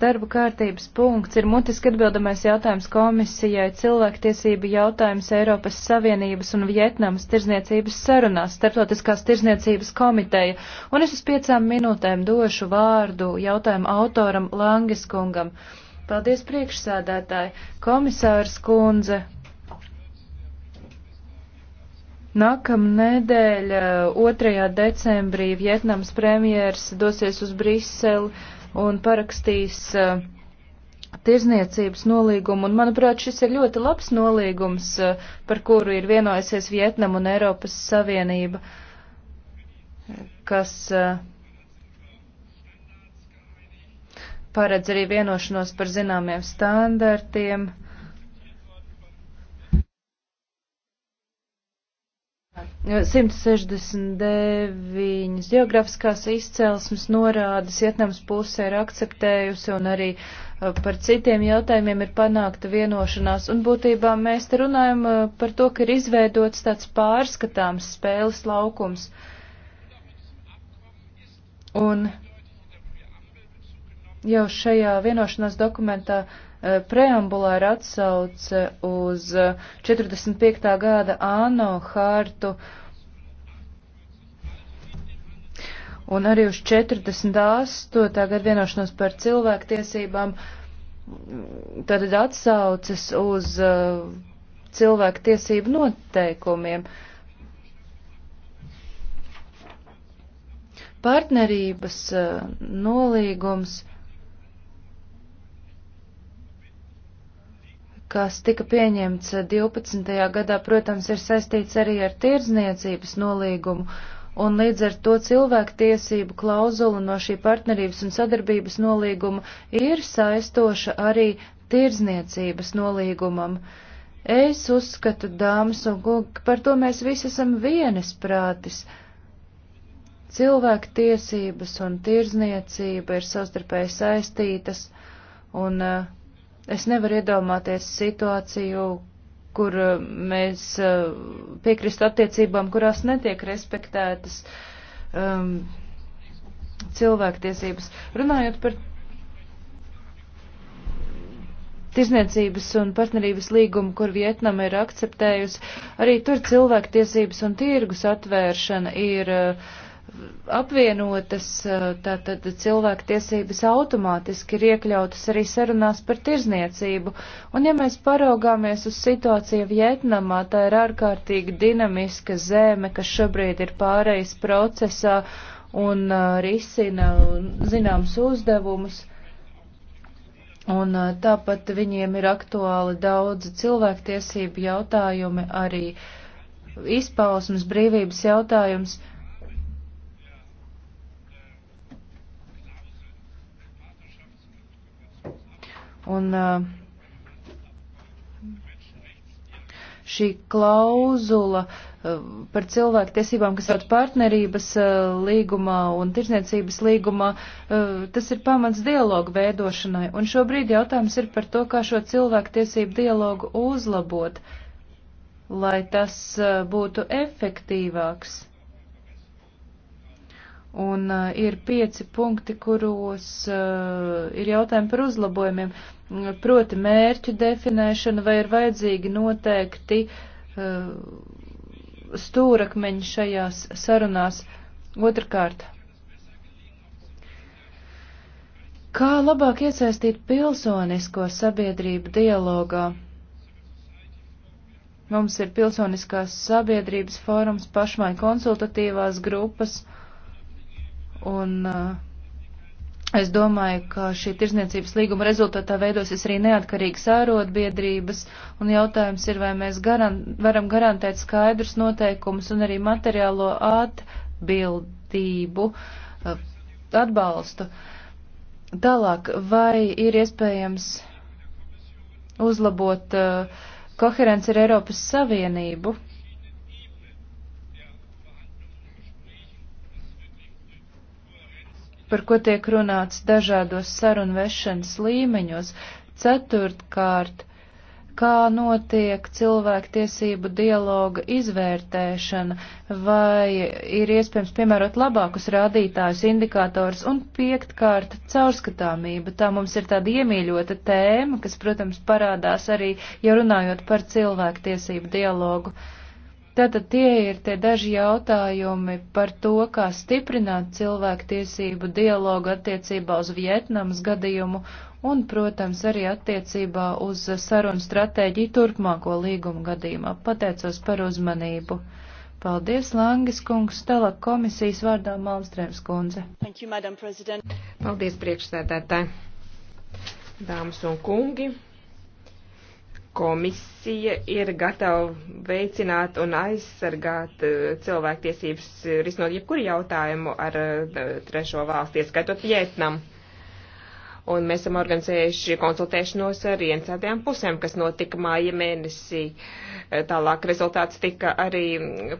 Darba kārtības punkts ir mutiski atbildamais jautājums komisijai cilvēktiesību jautājums Eiropas Savienības un Vietnamas tirzniecības sarunās, starptautiskās tirzniecības komiteja, un es uz piecām minūtēm došu vārdu jautājumu autoram Langis kungam. Paldies priekšsēdētāji, komisārs kundze. Nākamnedēļ, 2. Eh, decembrī, Vietnams premjers dosies uz Briseli un parakstīs uh, tirzniecības nolīgumu, un manuprāt, šis ir ļoti labs nolīgums, uh, par kuru ir vienojusies Vietnam un Eiropas Savienība, kas uh, paredz arī vienošanos par zināmiem standartiem 169 geografiskās izcelsmes norādes Vietnams pusē ir akceptējusi un arī uh, par citiem jautājumiem ir panākta vienošanās. Un būtībā mēs te runājam uh, par to, ka ir izveidots tāds pārskatāms spēles laukums. Un jau šajā vienošanās dokumentā uh, Eh, preambulā ir atsauce uz 45. Eh, gada ANO hārtu un arī uz 48. gada vienošanos par cilvēktiesībām. Tātad atsaucas uz uh, eh, cilvēku tiesību noteikumiem. Partnerības uh, nolīgums kas tika pieņemts 12. gadā, protams, ir saistīts arī ar tirdzniecības nolīgumu, un līdz ar to cilvēktiesību klauzula no šī partnerības un sadarbības nolīguma ir saistoša arī tirdzniecības nolīgumam. Es uzskatu, dāmas un kungi, par to mēs visi esam vienas prātis. Cilvēktiesības un tirdzniecība ir savstarpēji saistītas, un uh, Es nevaru iedomāties situāciju, kur eh, mēs eh, piekristu attiecībām, kurās netiek respektētas um, cilvēktiesības. Runājot par tirzniecības un partnerības līgumu, kur Vietnama ir akceptējusi, arī tur cilvēktiesības un tirgus atvēršana ir uh, apvienotas, eh, tātad cilvēku tiesības automātiski ir iekļautas arī sarunās par tirzniecību. Un ja mēs paraugāmies uz situāciju Vietnamā, tā ir ārkārtīgi dinamiska zeme, kas šobrīd ir pārejas procesā un eh, risina zināms uzdevumus. Un eh, tāpat viņiem ir aktuāli daudzi cilvēktiesību jautājumi, arī izpausmas brīvības jautājums. Uh, Un uh, šī klauzula uh, par cilvēku tiesībām, kas ir partnerības uh, līgumā un tirsniecības līgumā, tas ir pamats dialogu veidošanai. Un šobrīd jautājums ir par to, kā šo cilvēku tiesību dialogu uzlabot, lai tas būtu efektīvāks. Un uh, ir pieci punkti, kuros uh, ir jautājumi par uzlabojumiem, mm, proti mērķu definēšana vai ir vajadzīgi noteikti uh, stūrakmeņi šajās sarunās. Otrakārt, kā labāk iesaistīt pilsonisko sabiedrību dialogā? Mums ir pilsoniskās sabiedrības fórums, pašmai konsultatīvās grupas. Uh, Un uh, es domāju, ka šī tirzniecības līguma rezultātā veidosies arī neatkarīgas ārotbiedrības, un jautājums ir, vai mēs garan varam garantēt skaidrus noteikumus un arī materiālo atbildību, uh, atbalstu. Tālāk, vai ir iespējams uzlabot uh, koherenci ar Eiropas Savienību? par ko tiek runāts dažādos sarunu vešanas līmeņos. Ceturtkārt, kā notiek cilvēktiesību dialoga izvērtēšana, vai ir iespējams piemērot labākus rādītājus, indikātors, un piektkārt caurskatāmība. Tā mums ir tāda iemīļota tēma, kas, protams, parādās arī, ja runājot par cilvēktiesību dialogu. Uh, Tātad tie ir tie daži jautājumi par to, kā stiprināt cilvēktiesību dialogu attiecībā uz Vietnamas gadījumu un, protams, arī attiecībā uz sarunu stratēģiju turpmāko līgumu gadījumā. Pateicos par uzmanību. Paldies, Langis kungs, telak komisijas vārdā Malmstrēms kundze. Thank you, Paldies, priekšsēdētāji. Dāmas un kungi komisija ir gatava veicināt un aizsargāt eh, cilvēktiesības, eh, risinot jebkuru jautājumu ar eh, trešo valstu, ieskaitot Vietnamu. Un mēs esam organizējuši konsultēšanos ar iensētajām pusēm, kas notika māja mēnesī. Tālāk rezultāts tika arī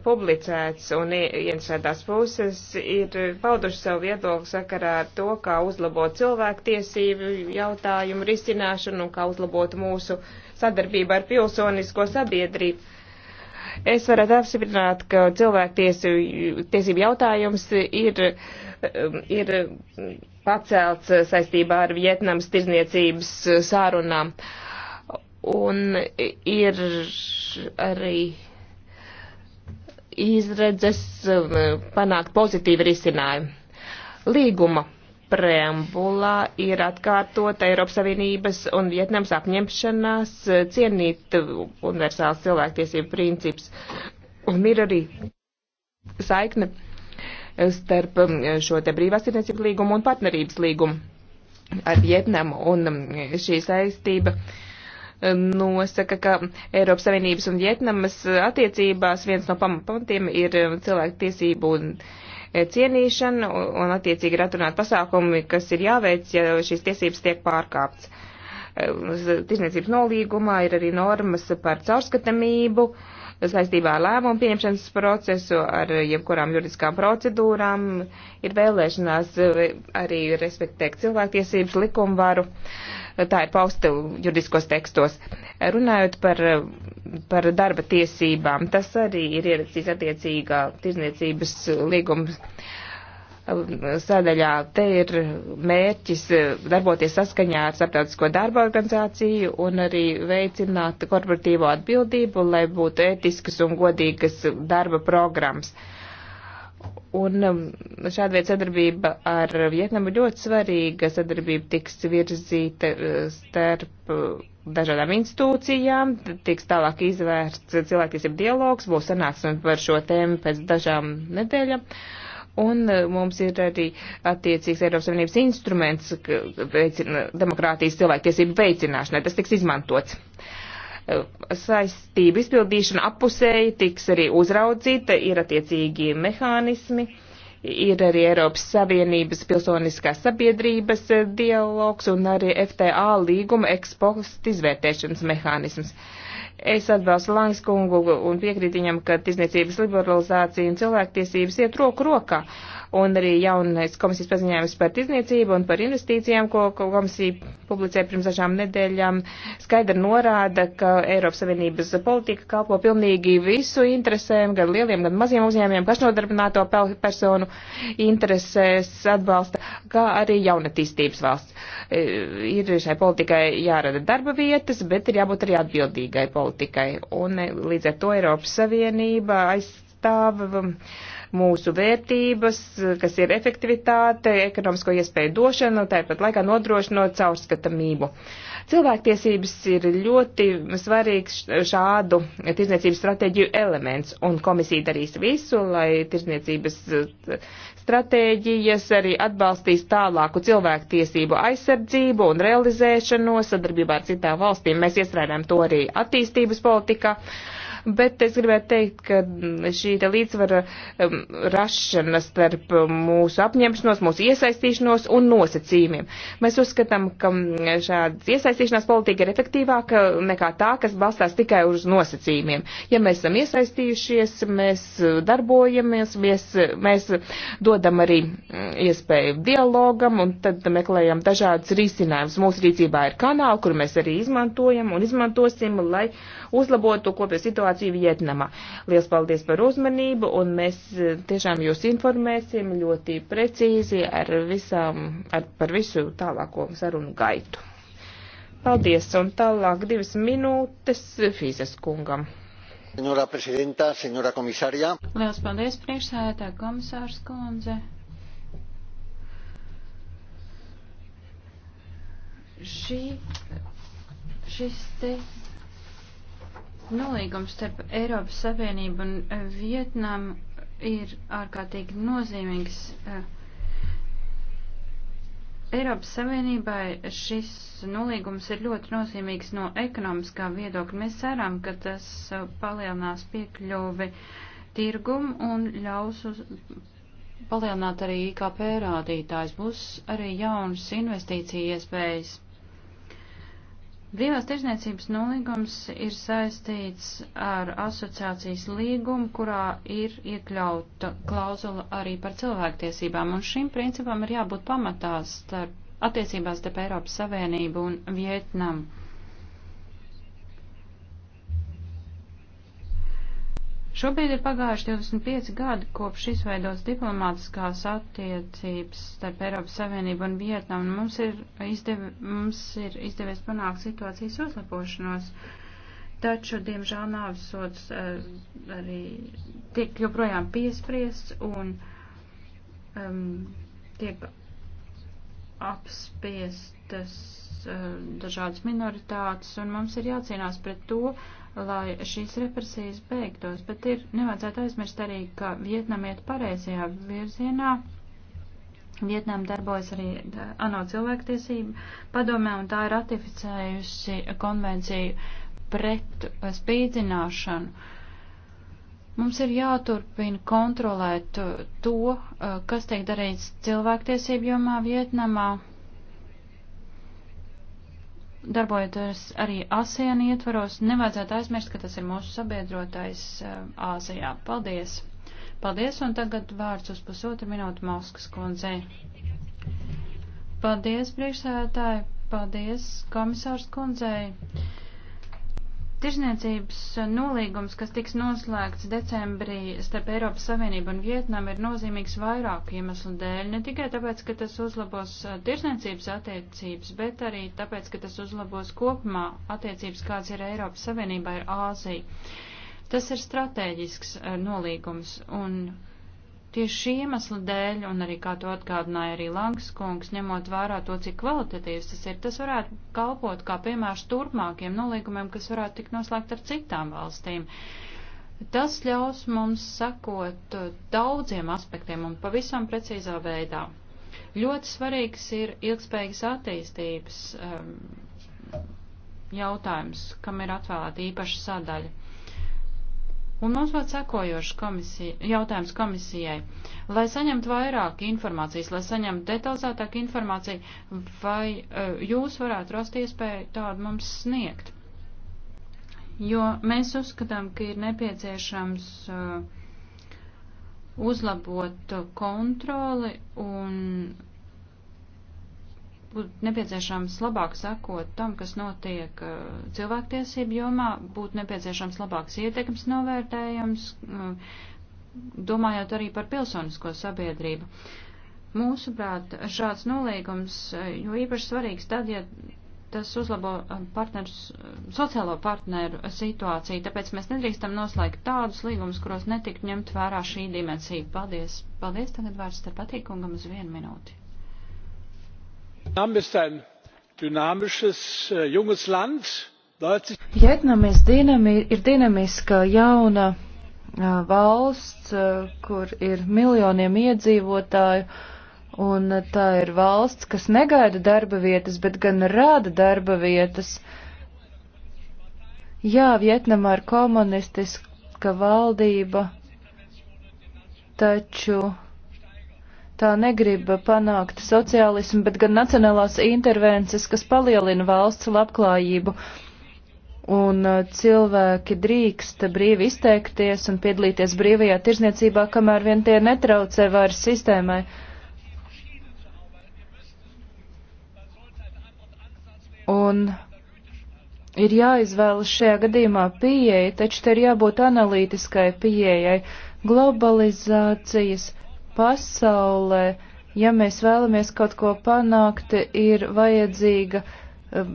publicēts, un iensētās puses ir pauduši savu viedokli sakarā ar to, kā uzlabot cilvēktiesību jautājumu risināšanu un kā uzlabot mūsu uh, sadarbība ar pilsonisko sabiedrību. Es varētu apstiprināt, ka cilvēktiesību jautājums ir, um, ir pacelts saistībā ar Vietnams tirzniecības sārunām. Un ir arī izredzes um, panākt pozitīvu risinājumu. Līguma preambulā ir atkārtota Eiropas Savienības un Vietnams apņemšanās cienīt universāls cilvēktiesību princips. Un ir arī saikne starp um, šo te brīvās tirniecības līgumu un partnerības līgumu ar Vietnamu. Un um, šī saistība um, nosaka, ka Eiropas Savienības un Vietnamas attiecībās viens no pamatiem ir cilvēktiesību un uh, cienīšana un attiecīgi ir atrunāt pasākumi, kas ir jāveic, ja šīs tiesības tiek pārkāptas. Tirzniecības nolīgumā ir arī normas par caurskatamību. Uh, saistībā ar lēmumu pieņemšanas procesu, ar jebkurām juridiskām procedūrām, ir vēlēšanās eh, arī respektēt cilvēktiesības likumvaru. Tā ir pausta juridiskos tekstos. Runājot par, par darba tiesībām, tas arī ir ierakstīts attiecīgā tirzniecības līgums sadaļā. Te ir mērķis eh, darboties saskaņā ar starptautisko darba organizāciju un arī veicināt korporatīvo atbildību, lai būtu ētiskas un godīgas darba programmas. Un um, šāda veida sadarbība ar Vietnamu ļoti svarīga. Sadarbība tiks virzīta uh, starp uh, dažādām institūcijām, tiks tālāk izvērsts cilvēktiesību dialogs, būs sanāksme par šo tēmu pēc dažām nedēļām. Uh, Un e, mums ir arī attiecīgs Eiropas Savienības instruments demokrātijas cilvēktiesību veicināšanai. Tas tiks izmantots. E, saistību izpildīšana apusēji tiks arī uzraudzīta, ir attiecīgi mehānismi, ir arī Eiropas Savienības pilsoniskās sabiedrības e, dialogs un arī FTA līguma ekspostu izvērtēšanas mehānisms. Uh, Es atbalstu Langs kungu un piekrītu viņam, ka tirzniecības liberalizācija un cilvēktiesības iet roku rokā. Uh, un arī jaunais komisijas paziņojums par tirdzniecību un par investīcijām, ko, ko komisija publicēja pirms dažām nedēļām, skaidri norāda, ka Eiropas Savienības politika kalpo pilnīgi visu interesēm, gan lieliem, gan maziem uzņēmiem, pašnodarbināto personu interesēs atbalsta, kā arī jaunatīstības valsts. E, ir šai politikai jārada darba vietas, bet ir jābūt arī atbildīgai politikai. Un e, līdz ar to Eiropas Savienība aizstāv um, mūsu vērtības, kas ir efektivitāte, ekonomisko iespēju došana un tāpat laikā nodrošinot caurskatamību. Cilvēktiesības ir ļoti svarīgs šādu tirzniecības stratēģiju elements, un komisija darīs visu, lai tirzniecības stratēģijas arī atbalstīs tālāku cilvēktiesību aizsardzību un realizēšanu sadarbībā ar citām valstīm. Mēs iestrādājam to arī attīstības politikā bet es gribētu teikt, ka šī te līdzsvara um, rašana starp mūsu apņemšanos, mūsu iesaistīšanos un nosacījumiem. Mēs uzskatām, ka mm, šādas iesaistīšanās politika ir efektīvāka nekā tā, kas balstās tikai uz nosacījumiem. Ja mēs esam iesaistījušies, mēs darbojamies, mēs, mēs dodam arī mm, iespēju dialogam un tad meklējam dažādas risinājumus. Mūsu rīcībā ir kanāli, kur mēs arī izmantojam un izmantosim, lai uzlabotu kopēju situāciju situāciju Vietnamā. Lielas paldies par uzmanību, un mēs eh, tiešām jūs informēsim ļoti precīzi ar visām, ar, par visu tālāko sarunu gaitu. Paldies, un tālāk divas minūtes Fīzes kungam. Senora prezidenta, senora komisārija. Lielas paldies, priekšsēdētāja komisārs kundze. šī, šis te Nolīgums starp Eiropas Savienību un eh, Vietnamu ir ārkārtīgi nozīmīgs. Eh. Eiropas Savienībai šis nolīgums ir ļoti nozīmīgs no ekonomiskā viedokļa. Mēs ceram, ka tas eh, palielinās piekļuvi tirgumu un ļaus uz, palielināt arī IKP rādītājs. Būs arī jaunas investīcija iespējas. Brīvās tirzniecības nolīgums ir saistīts ar asociācijas līgumu, kurā ir iekļauta klauzula arī par cilvēktiesībām, un šim principam ir jābūt pamatās starp attiecībās starp Eiropas Savienību un Vietnamu. Šobrīd ir pagājuši 25 gadi, kopš izveidos diplomātiskās attiecības starp Eiropas Savienību un Vietnamu, un mums ir, izdevi, mums ir izdevies panākt situācijas uzlabošanos. Taču, diemžēl, nāvisots eh, arī tiek joprojām piespriests un um, tiek apspiestas uh, dažādas minoritātes, un mums ir jācīnās pret to, uh, lai šīs represijas beigtos, bet ir nevajadzētu aizmirst arī, ka Vietnam iet pareizajā virzienā. Vietnam darbojas arī ANO cilvēktiesību padomē, un tā ir ratificējusi konvenciju pret spīdzināšanu. Mums ir jāturpina kontrolēt to, eh, kas tiek darīts cilvēktiesību jomā Vietnamā, darbojoties arī ASEAN ietvaros, nevajadzētu aizmirst, ka tas ir mūsu sabiedrotais Āzijā. Paldies! Paldies, un tagad vārds uz pusotru minūtu Mauskas kundzei. Paldies, priekšsēdētāji! Paldies, komisārs kundzei! Tirzniecības nolīgums, kas tiks noslēgts decembrī starp Eiropas Savienību un Vietnam, ir nozīmīgs vairāku iemeslu dēļ. Ne tikai tāpēc, ka tas uzlabos uh, tirzniecības attiecības, bet arī tāpēc, ka tas uzlabos kopumā attiecības, kāds ir Eiropas Savienībā ar Āziju. Tas ir strateģisks uh, nolīgums un Tieši šī iemesla dēļ, un arī kā to atgādināja arī Langs kungs, ņemot vērā to, cik kvalitatīvs tas ir, tas varētu kalpot kā piemērs turpmākiem nolīgumiem, kas varētu tikt noslēgt ar citām valstīm. Tas ļaus mums sakot uh, daudziem aspektiem un pavisam precīzā veidā. Ļoti svarīgs ir ilgspējīgas attīstības um, jautājums, kam ir atvēlēta īpaša sadaļa. Un mums vēl cekojošs komisija, jautājums komisijai. Lai saņemtu vairāk informācijas, lai saņemtu detalizētāk informāciju, vai uh, jūs varētu rast iespēju tādu mums sniegt? Jo mēs uzskatām, ka ir nepieciešams uh, uzlabot kontroli un būtu nepieciešams labāk sakot tam, kas notiek uh, cilvēktiesību jomā, būtu nepieciešams labāks ietekmes novērtējums, uh, domājot arī par pilsonisko sabiedrību. Mūsuprāt, šāds nolīgums, uh, jo īpaši svarīgs tad, ja tas uzlabo partners, sociālo partneru situāciju, tāpēc mēs nedrīkstam noslēgt tādus līgumus, kuros netikt ņemt vērā šī dimensija. Paldies! Paldies! Tagad vārds starp patīkungam uz vienu minūti vietnam ist ein dynamisches äh, junges land. Vietnam dinami, ir dinamiska jauna valsts, kur ir miljoniem iedzīvotāju, un tā ir valsts, kas negaida darba vietas, bet gan rada darba vietas. Jā, Vietnamā ir komunistiska valdība, taču tā negrib panākt sociālismu, bet gan nacionālās intervences, kas palielina valsts labklājību. Un uh, cilvēki drīkst brīvi izteikties un piedalīties brīvajā tirzniecībā, kamēr vien tie netraucē vairs sistēmai. Un ir jāizvēlas šajā gadījumā pieeja, taču te ir jābūt analītiskai pieejai globalizācijas pasaulē, ja mēs vēlamies kaut ko panākt, ir vajadzīga um,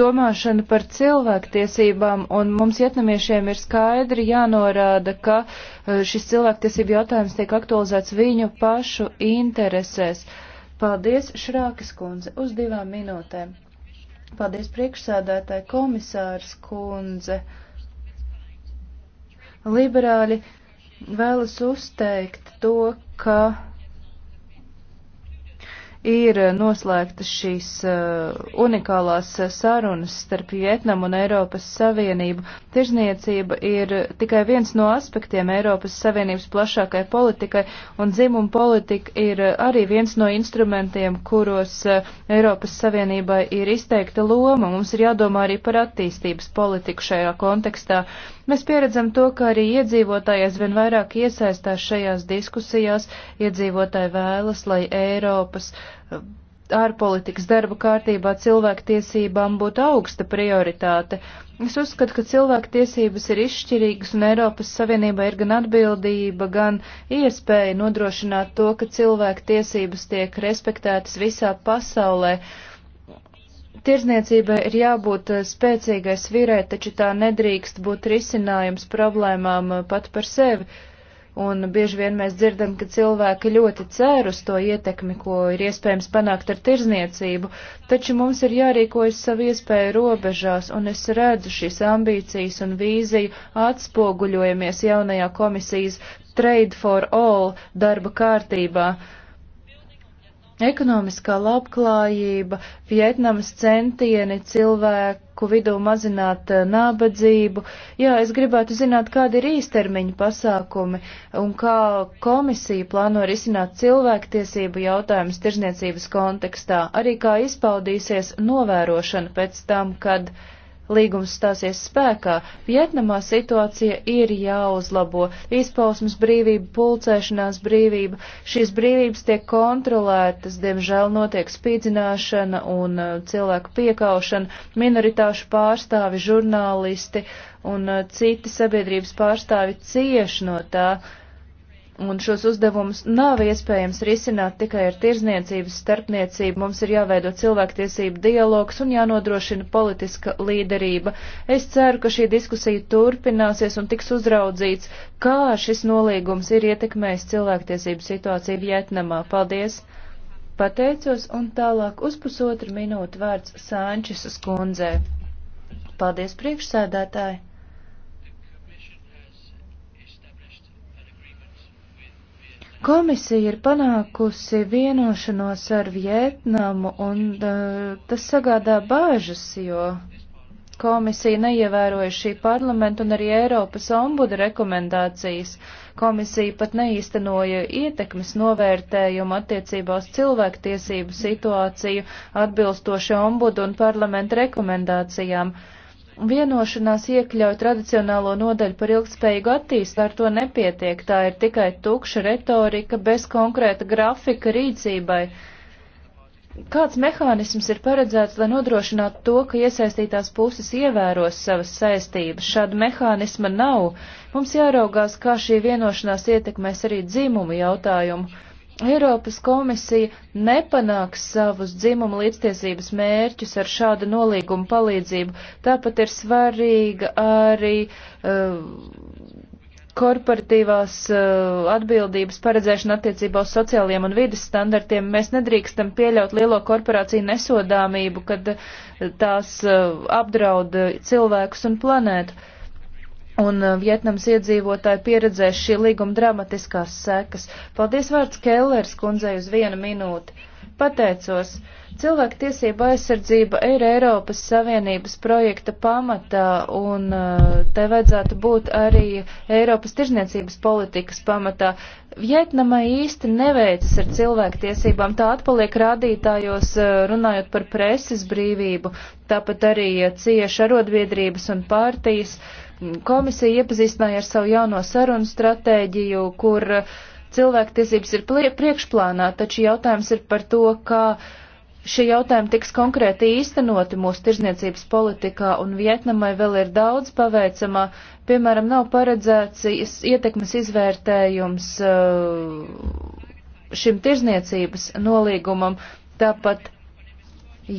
domāšana par cilvēktiesībām, un mums vietnamiešiem ir skaidri jānorāda, ka uh, šis cilvēktiesību jautājums tiek aktualizēts viņu pašu interesēs. Paldies, Šrākas kundze, uz divām minūtēm. Paldies, priekšsēdētāji komisārs kundze. Liberāļi vēlas uzteikt to, ka ir noslēgtas šīs uh, unikālās sarunas starp Vietnamu un Eiropas Savienību. Tirzniecība ir tikai viens no aspektiem Eiropas Savienības plašākai politikai, un dzimuma politika ir arī viens no instrumentiem, kuros uh, Eiropas Savienībai ir izteikta loma. Mums ir jādomā arī par attīstības politiku šajā kontekstā. Mēs pieredzam to, ka arī iedzīvotāji aizvien vairāk iesaistās šajās diskusijās, iedzīvotāji vēlas, lai Eiropas uh, ārpolitikas darba kārtībā cilvēktiesībām būtu augsta prioritāte. Es uzskatu, ka cilvēktiesības ir izšķirīgas un Eiropas Savienībā ir gan atbildība, gan iespēja nodrošināt to, ka cilvēktiesības tiek respektētas visā pasaulē. Tirzniecībai ir jābūt eh, spēcīgai svirē, taču tā nedrīkst būt risinājums problēmām eh, pat par sevi. Uh, Un bieži vien mēs dzirdam, ka cilvēki ļoti cer uz to ietekmi, ko ir iespējams panākt ar tirzniecību, taču mums ir jārīkojas savu iespēju robežās, un es redzu šīs ambīcijas un vīziju atspoguļojamies jaunajā komisijas Trade for All darba kārtībā. Uh, Ekonomiskā labklājība, Vietnamas centieni cilvēku vidū mazināt eh, nabadzību. Jā, es gribētu zināt, kādi ir īstermiņa pasākumi un kā komisija plāno risināt cilvēktiesību jautājumus tirzniecības kontekstā, arī kā izpaudīsies novērošana pēc tam, kad uh, līgums stāsies spēkā, Vietnamā situācija ir jāuzlabo. Izpausmes brīvība, pulcēšanās brīvība, šīs brīvības tiek kontrolētas, diemžēl notiek spīdzināšana un uh, cilvēku piekaušana, minoritāšu pārstāvi, žurnālisti un uh, citi sabiedrības pārstāvi cieši no tā. Uh, un šos uzdevumus nav iespējams risināt tikai ar tirzniecības starpniecību. Mums ir jāveido cilvēktiesību dialogs un jānodrošina politiska līderība. Es ceru, ka šī diskusija turpināsies un tiks uzraudzīts, kā šis nolīgums ir ietekmējis cilvēktiesību situāciju Vietnamā. Paldies! Pateicos un tālāk uz pusotru minūtu vārds Sāņčisas kundzē. Paldies priekšsēdētāji! Komisija ir panākusi vienošanos ar Vietnamu, un uh, tas sagādā bāžas, jo komisija neievēroja šī parlamenta un arī Eiropas ombuda rekomendācijas. Komisija pat neīstenoja ietekmes novērtējumu attiecībā uz cilvēktiesību situāciju atbilstoši ombuda un parlamenta rekomendācijām. Uh, Vienošanās iekļauj tradicionālo nodaļu par ilgspējīgu attīstību, ar to nepietiek. Tā ir tikai tukša retorika, bez konkrēta grafika rīcībai. Kāds mehānisms ir paredzēts, lai nodrošinātu to, ka iesaistītās puses ievēros savas saistības? Šāda mehānisma nav. Mums jāraugās, kā šī vienošanās ietekmēs arī dzimumu jautājumu Eiropas komisija nepanāks savus dzimumu līdztiesības mērķus ar šādu nolīgumu palīdzību. Tāpat ir svarīga arī uh, korporatīvās uh, atbildības paredzēšana attiecībā uz sociāliem un vidas standartiem. Mēs nedrīkstam pieļaut lielo korporāciju nesodāmību, kad uh, tās uh, apdraud uh, cilvēkus un planētu. Uh, un uh, Vietnams iedzīvotāji pieredzēs šī līguma dramatiskās sekas. Paldies vārds Kellers kundzei uz vienu minūti. Pateicos, cilvēku tiesība aizsardzība ir Eiropas Savienības projekta pamatā, un uh, tai vajadzētu būt arī Eiropas tirzniecības politikas pamatā. Vietnamai īsti neveicas ar cilvēku tiesībām, tā atpaliek rādītājos uh, runājot par preses brīvību, tāpat arī cieši arodbiedrības un pārtīs. Uh, Komisija iepazīstināja ar savu jauno sarunu stratēģiju, kur cilvēktiesības ir priekšplānā, taču jautājums ir par to, kā šie jautājumi tiks konkrēti īstenoti mūsu tirzniecības politikā, un Vietnamai vēl ir daudz paveicamā. Piemēram, nav paredzēts ietekmes izvērtējums uh, šim tirzniecības nolīgumam, tāpat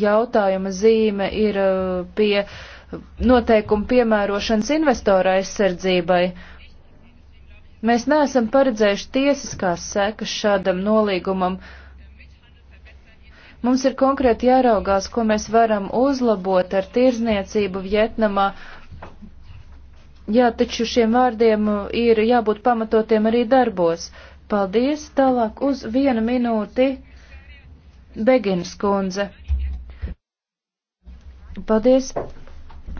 jautājuma zīme ir uh, pie noteikumu piemērošanas investora aizsardzībai. Mēs neesam paredzējuši tiesiskās sekas šādam nolīgumam. Mums ir konkrēti jāraugās, ko mēs varam uzlabot ar tirzniecību Vietnamā. Jā, taču šiem vārdiem ir jābūt pamatotiem arī darbos. Paldies, tālāk uz vienu minūti Begins kundze. Paldies.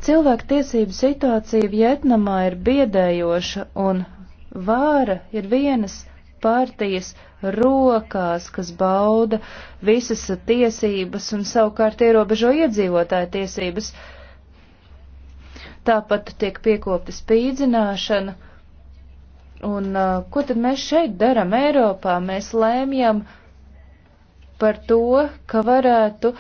Cilvēku tiesību situācija Vietnamā ir biedējoša un vāra ir vienas partijas rokās, kas bauda visas tiesības un savukārt ierobežo iedzīvotāju tiesības. Tāpat tiek piekopta spīdzināšana. Un uh, ko tad mēs šeit daram Eiropā? Mēs lēmjam par to, ka varētu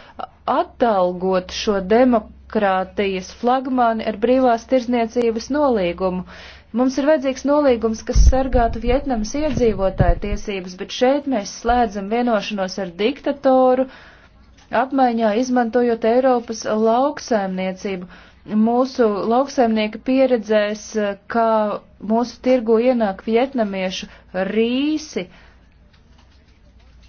atalgot šo demokrātiju demokrātijas flagmani ar brīvās tirzniecības nolīgumu. Mums ir vajadzīgs nolīgums, kas sargātu Vietnamas iedzīvotāju tiesības, bet šeit mēs slēdzam vienošanos ar diktatoru, apmaiņā izmantojot Eiropas lauksaimniecību. Mūsu lauksaimnieki pieredzēs, kā mūsu tirgu ienāk vietnamiešu rīsi,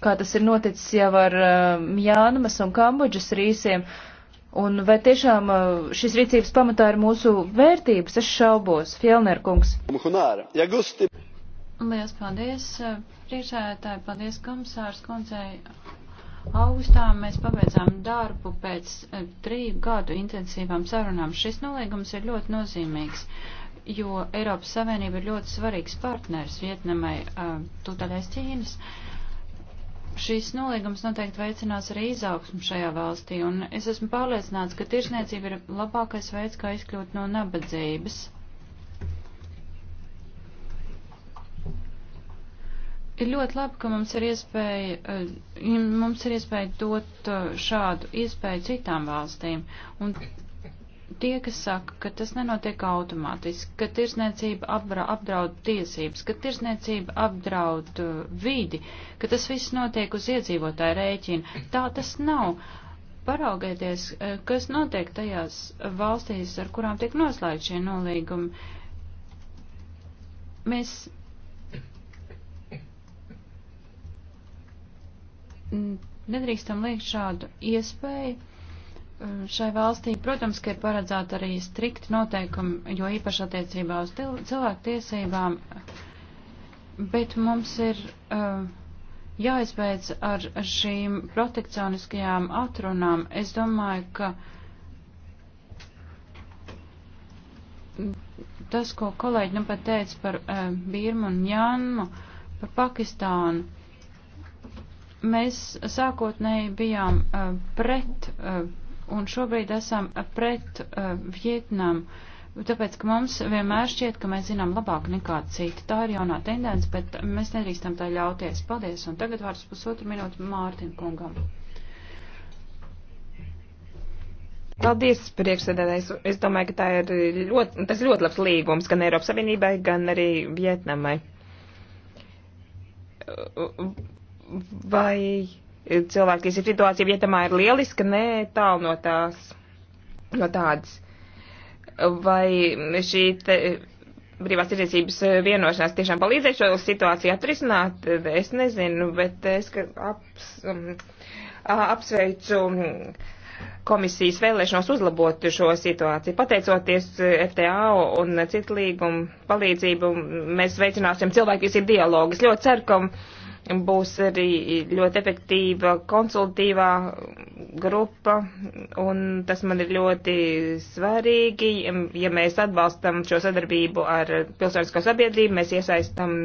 kā tas ir noticis jau ar eh, Mjānmas um, un Kambodžas rīsiem. Uh, Un vai tiešām uh, šis rīcības pamatā ir mūsu vērtības? Es šaubos, Fjellnerkungs. Lielas paldies, uh, priekšsēdētāji, paldies komisārs koncei. Augustā mēs pabeidzām darbu pēc uh, trīs gadu intensīvām sarunām. Šis nolīgums ir ļoti nozīmīgs, jo Eiropas Savienība ir ļoti svarīgs partners Vietnamai, tūdaļais Ķīnas. Uh, Šīs nolīgums noteikti veicinās arī izaugsmu šajā valstī, un es esmu pārliecināts, ka tirsniecība ir labākais veids, kā izkļūt no nabadzības. Ir ļoti labi, ka mums ir iespēja, eh, mums ir iespēja dot eh, šādu iespēju citām valstīm, un tie, kas saka, ka tas nenotiek automātiski, ka tirsniecība apdra, apdraud tiesības, ka tirsniecība apdraud uh, vidi, ka tas viss notiek uz iedzīvotāju rēķina. Tā tas nav. Paraugieties, uh, kas notiek tajās valstīs, ar kurām tiek noslēgti šie nolīgumi. Mēs nedrīkstam liekt šādu iespēju Mm, šai valstī, protams, ka ir paredzēta arī strikti noteikumi, jo īpaši attiecībā uz cilvēku tiesībām, bet mums ir uh, jāizbeidz ar šīm protekcioniskajām atrunām. Es domāju, ka tas, ko kolēģi nu pat teica par uh, Birmu un Jānmu, par Pakistānu, mēs sākotnēji bijām uh, pret. Uh, un šobrīd esam pret uh, eh, Vietnamu, tāpēc, ka mums vienmēr šķiet, ka mēs zinām labāk nekā citi. Tā ir jaunā tendence, bet mēs nedrīkstam tā ļauties. Paldies, un tagad vārds pusotru minūtu Mārtin kungam. Paldies, priekšsēdētājs. Es domāju, ka tā ir ļoti, tas ļoti labs līgums gan Eiropas Savienībai, gan arī Vietnamai. Vai cilvēktiesību situācija Vietamā ir lieliska, nē, tālu no tās, no tādas. Vai šī te, brīvās tirdzniecības vienošanās tiešām palīdzēs šo situāciju atrisināt, es nezinu, bet es aps, um, apsveicu um, komisijas vēlēšanos uzlabot šo situāciju. Pateicoties uh, FTA un citu līgumu palīdzību, mēs veicināsim cilvēktiesību dialogu. Es ļoti ceru, ka Būs arī ļoti efektīva konsultīvā grupa, un tas man ir ļoti svarīgi. Ja mēs atbalstam šo sadarbību ar pilsonisko sabiedrību, mēs iesaistam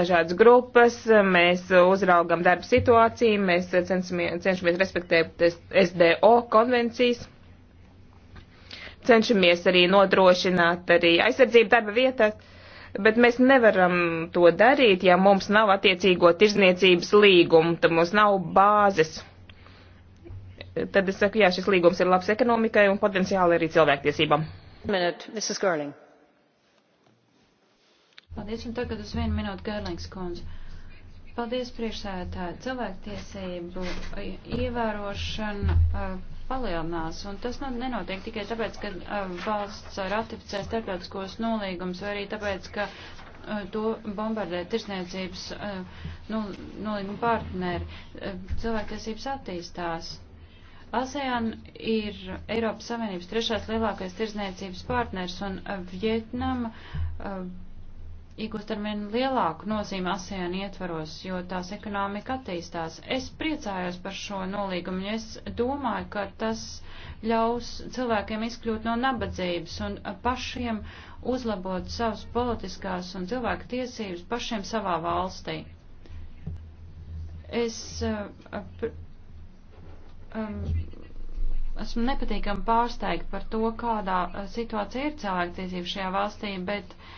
dažādas grupas, mēs uzraugam darba situāciju, mēs cenšamies, cenšamies respektēt SDO konvencijas, cenšamies arī nodrošināt arī aizsardzību darba vietās bet mēs nevaram to darīt, ja mums nav attiecīgo tirzniecības līgumu, tad mums nav bāzes. Tad es saku, jā, šis līgums ir labs ekonomikai un potenciāli arī cilvēktiesībām. Minute, Mrs. Gerling. Paldies, un tagad uz vienu minūtu Gerlings kundze. Paldies, priekšsēdētāji. Cilvēktiesību ievērošana. Uh, palielinās, un tas nenotiek tikai tāpēc, ka um, valsts ratificē starptautiskos nolīgumus, vai arī tāpēc, ka uh, to bombardē tirsniecības nu, nolīguma partneri. Uh, cilvēktiesības attīstās. ASEAN ir Eiropas Savienības trešās lielākais tirsniecības partners, un Vietnama iegūst ar vien lielāku nozīmi ASEAN ietvaros, jo tās ekonomika attīstās. Es priecājos par šo nolīgumu, jo es domāju, ka tas ļaus cilvēkiem izkļūt no nabadzības un pašiem uzlabot savas politiskās un cilvēku tiesības pašiem savā valstī. Es uh, um, esmu nepatīkami pārsteigta par to, kādā uh, situācija ir cilvēktiesība šajā valstī, bet uh,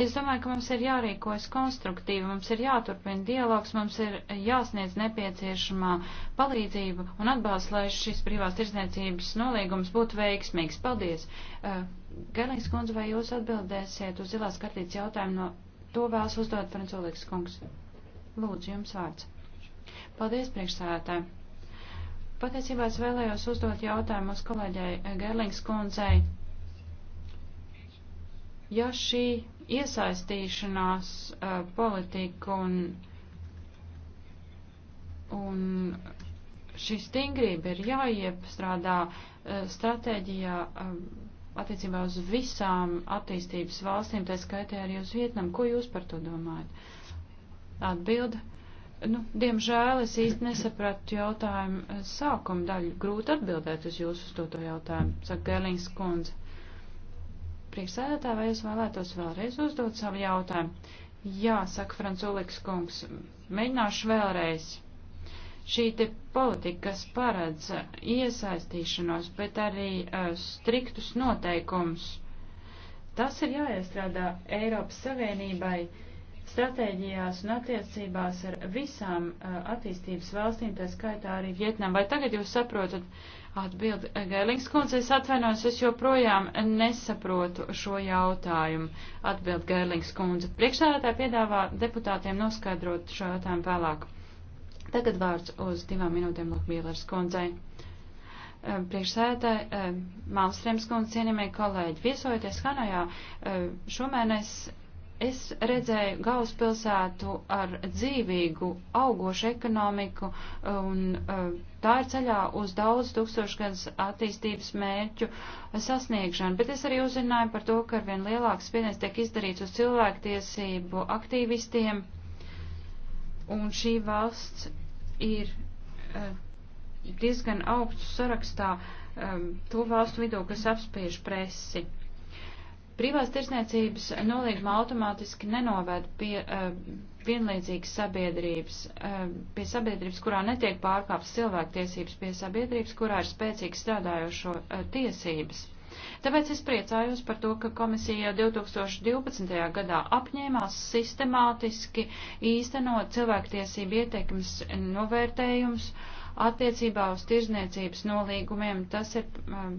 Es domāju, ka mums ir jārīkojas konstruktīvi, mums ir jāturpina dialogs, mums ir jāsniedz nepieciešamā palīdzība un atbalsts, lai šis privās tirsniecības nolīgums būtu veiksmīgs. Paldies! Uh, Gailīgs kundze, vai jūs atbildēsiet uz zilās kartītes jautājumu no to vēlas uzdot Francolīgs kungs? Lūdzu, jums vārds. Paldies, priekšsēdētāji! Patiesībā es vēlējos uzdot jautājumu uz kolēģei Gerlings kundzei Ja šī iesaistīšanās uh, politika un, un šī stingrība ir jāiestrādā uh, stratēģijā uh, attiecībā uz visām attīstības valstīm, tā skaitā arī uz Vietnam. Ko jūs par to domājat? Atbilda. Nu, diemžēl es īsti nesapratu jautājumu sākuma daļu. Grūti atbildēt uz jūsu uzdoto jautājumu, saka Gēlings kundze. Priekšsēdētāji, vai jūs vēlētos vēlreiz uzdot savu jautājumu? Jā, saka Franculiks kungs, mēģināšu vēlreiz. Šī te politika, kas paredz uh, iesaistīšanos, bet arī uh, striktus noteikumus, tas ir jāiestrādā Eiropas Savienībai stratēģijās un attiecībās ar visām uh, attīstības valstīm, tā skaitā arī Vietnam. Vai tagad jūs saprotat, uh, Atbildi eh, Gēlings kundze, es atvainojos, es joprojām nesaprotu šo jautājumu. Atbildi Gēlings kundze. Priekšsēdētāji piedāvā deputātiem noskaidrot šo jautājumu vēlāk. Tagad vārds uz divām minūtēm Lokbīlers kundzei. Eh, priekšsēdētāji, eh, Malstrēms kundze, cienījamie kolēģi, viesojoties Hanojā, šomēnes Es redzēju galvaspilsētu ar dzīvīgu, augošu ekonomiku, un uh, tā ir ceļā uz daudz tūkstošgadus attīstības mērķu sasniegšanu. Bet es arī uzzināju par to, ka arvien lielāks spiediens tiek izdarīts uz cilvēktiesību aktīvistiem, un šī valsts ir uh, diezgan augstu sarakstā um, to valstu vidū, kas apspiež presi. Privās tirsniecības nolīguma automātiski nenovērt pie uh, vienlīdzīgas sabiedrības, uh, pie sabiedrības, kurā netiek pārkāptas cilvēktiesības, pie sabiedrības, kurā ir spēcīgas strādājošo uh, tiesības. Tāpēc es priecājos par to, ka komisija 2012. gadā apņēmās sistemātiski īstenot cilvēktiesību ietekmes novērtējums attiecībā uz tirzniecības nolīgumiem. Tas ir um,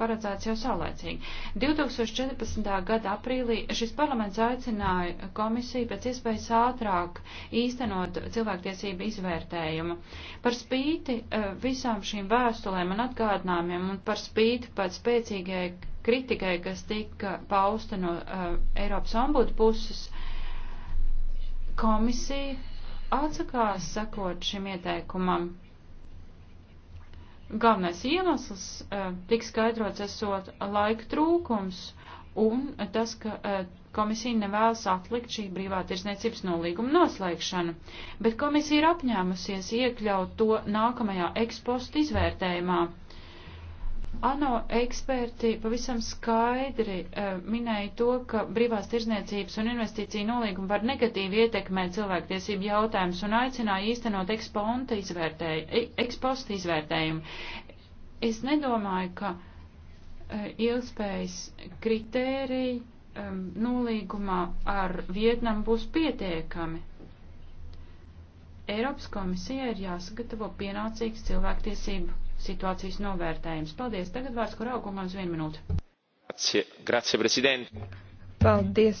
paredzēts jau saulēcīgi. 2014. gada aprīlī šis parlaments aicināja komisiju pēc iespējas ātrāk īstenot cilvēktiesību izvērtējumu. Par spīti eh, visām šīm vēstulēm un atgādinājumiem un par spīti pēc spēcīgai kritikai, kas tika pausta no uh, Eiropas ombudu puses, komisija atsakās sakot šim ieteikumam Galvenais iemesls eh, tiks skaidrots esot laika trūkums un tas, ka eh, komisija nevēlas atlikt šī brīvā tirsniecības nolīguma noslēgšanu, bet komisija ir apņēmusies iekļaut to nākamajā ekspostu izvērtējumā. ANO eksperti pavisam skaidri uh, minēja to, ka brīvās tirzniecības un investīcija nolīguma var negatīvi ietekmēt cilvēktiesību jautājumus un aicināja īstenot ekspostu izvērtēju, e, ekspost izvērtējumu. Es nedomāju, ka uh, ilgspējas kritēriji um, nolīgumā ar Vietnamu būs pietiekami. Eiropas komisija ir jāsagatavo pienācīgs cilvēktiesību situācijas novērtējums. Paldies. Tagad vārds, kur augumā uz vienu minūtu. Grazie, grazie, prezident. Paldies.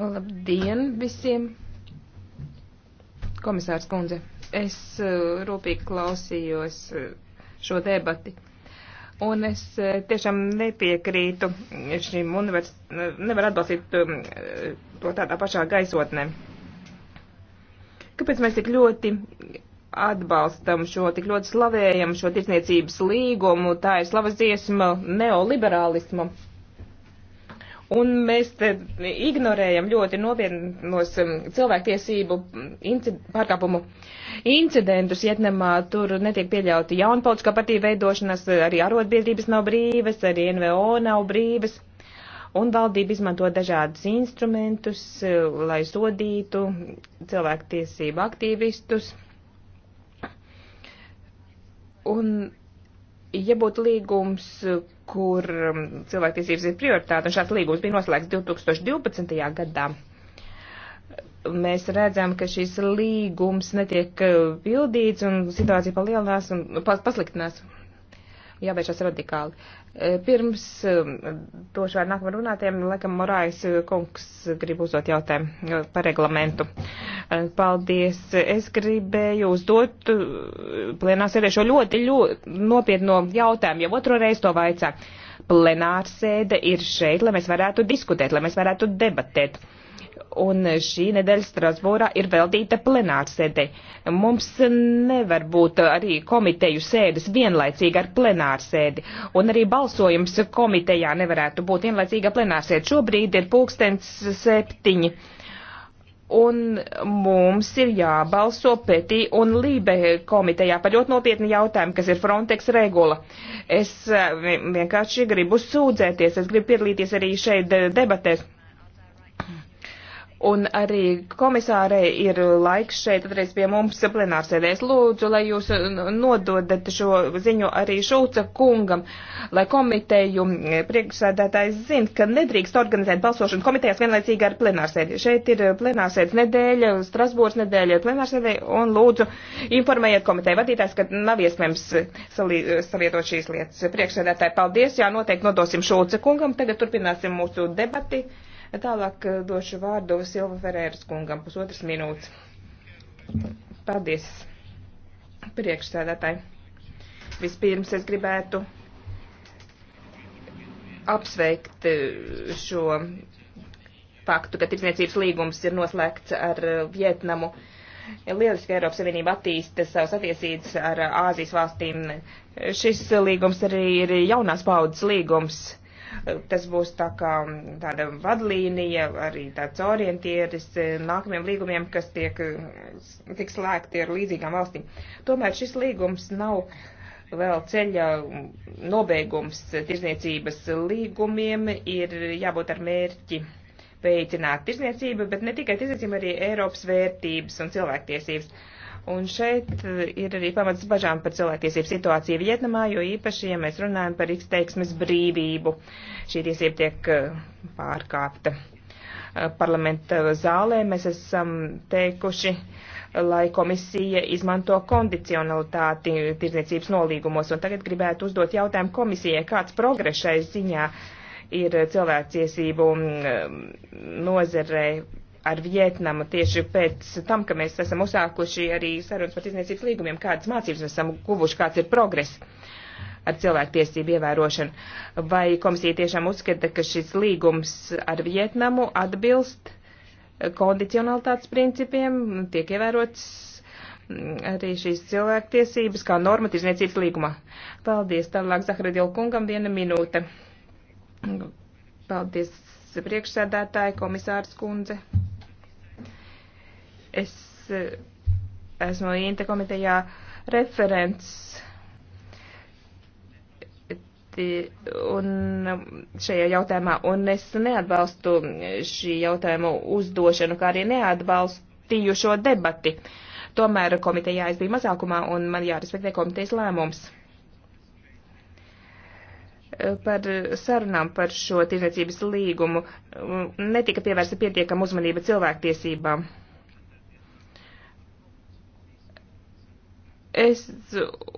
Labdien visiem. Komisārs kundze, es eh, rūpīgi klausījos eh, šo debati. Un es eh, tiešām nepiekrītu šim univers, nevar atbalstīt um, to tādā pašā gaisotnē. Kāpēc mēs tik ļoti atbalstam šo tik ļoti slavējumu, šo tirsniecības līgumu. Tā ir slavas dziesma neoliberālismam. Un mēs te ignorējam ļoti nopietnos um, cilvēktiesību incid pārkāpumu incidentus Vietnamā. Tur netiek pieļauti jaunpautiskā partija veidošanas, arī arotbiedrības nav brīvas, arī NVO nav brīvas. Un valdība izmanto dažādus instrumentus, uh, lai sodītu cilvēktiesību aktīvistus. Un, ja būtu līgums, kur um, cilvēktiesības ir prioritāte, un šāds līgums bija noslēgts 2012. gadā, mēs redzam, ka šis līgums netiek uh, pildīts un situācija palielinās un pasliktinās. Jāvēršas radikāli. Pirms um, došu vārdu nākamajam runātiem, laikam Morājas uh, kungs grib uzdot jautājumu uh, par reglamentu. Uh, paldies. Es gribēju uzdot plenā sēdēšo ļoti, ļoti nopietno jautājumu, jau otro reizi to vaicā. Plenārsēde ir šeit, lai mēs varētu diskutēt, lai mēs varētu debatēt. Uh, un šī nedēļa Strasbūrā ir veltīta plenārsēdei. Mums nevar būt arī komiteju sēdes vienlaicīgi ar plenārsēdi, un arī balsojums komitejā nevarētu būt vienlaicīga plenārsēde. Šobrīd ir pulkstens septiņi. Un mums ir jābalso Petī un Lībe komitejā par ļoti nopietnu jautājumu, kas ir Frontex regula. Es eh, vienkārši gribu sūdzēties, es gribu piedalīties arī šeit debatēs. Un arī komisārei ir laiks šeit atreiz pie mums plenārsēdēs. Lūdzu, lai jūs nododat šo ziņu arī Šulca kungam, lai komiteju priekšsēdētājs zina, ka nedrīkst organizēt balsošanu komitejās vienlaicīgi ar plenārsēdi. Šeit ir plenārsēdes nedēļa, Strasbūras nedēļa plenārsēdē, un lūdzu informējiet komiteju vadītājs, ka nav iespējams savietot šīs lietas. Priekšsēdētāji, paldies, jā, noteikti nodosim Šulca kungam. Tagad turpināsim mūsu debati. Tālāk eh, došu vārdu Silva Ferēras kungam pusotras minūtes. Paldies priekšsēdētāji. Vispirms es gribētu apsveikt eh, šo faktu, ka tirdzniecības līgums ir noslēgts ar eh, Vietnamu. Lieliski Eiropas Savienība attīsta savas attiecības ar Āzijas valstīm. Šis līgums arī ir jaunās paudzes līgums Tas būs tā kā tāda vadlīnija, arī tāds orientieris nākamajiem līgumiem, kas tiek, tiks slēgti ar līdzīgām valstīm. Tomēr šis līgums nav vēl ceļa nobeigums tirzniecības līgumiem ir jābūt ar mērķi veicināt tirzniecību, bet ne tikai tirzniecību, arī Eiropas vērtības un cilvēktiesības. Un šeit eh, ir arī pamats bažām par cilvēktiesību situāciju Vietnamā, jo īpaši, ja mēs runājam par izteiksmes brīvību, šī tiesība tiek eh, pārkāpta. Eh, parlamenta zālē mēs esam teikuši, lai komisija izmanto kondicionalitāti tirdzniecības nolīgumos, un tagad gribētu uzdot jautājumu komisijai, kāds progress šai ziņā ir cilvēktiesību mm, nozerē ar Vietnamu tieši pēc tam, ka mēs esam uzsākuši arī sarunas par izniecības līgumiem, kādas mācības mēs esam guvuši, kāds ir progress ar cilvēktiesību ievērošanu. Vai komisija tiešām uzskata, ka šis līgums ar Vietnamu atbilst kondicionalitātes principiem, tiek ievērots mm, arī šīs cilvēktiesības kā norma tirzniecības līgumā. Paldies, tālāk Zahradil kungam viena minūte. Paldies, priekšsēdētāji, komisārs kundze. Es eh, esmu Inta komitejā referents. Un um, šajā jautājumā, un es neatbalstu šī jautājuma uzdošanu, kā arī neatbalstīju šo debati. Tomēr komitejā es biju mazākumā, un man jārespektē komitejas lēmums eh, par sarunām par šo tirdzniecības līgumu mm, netika pievērsta pietiekama uzmanība cilvēktiesībām. Es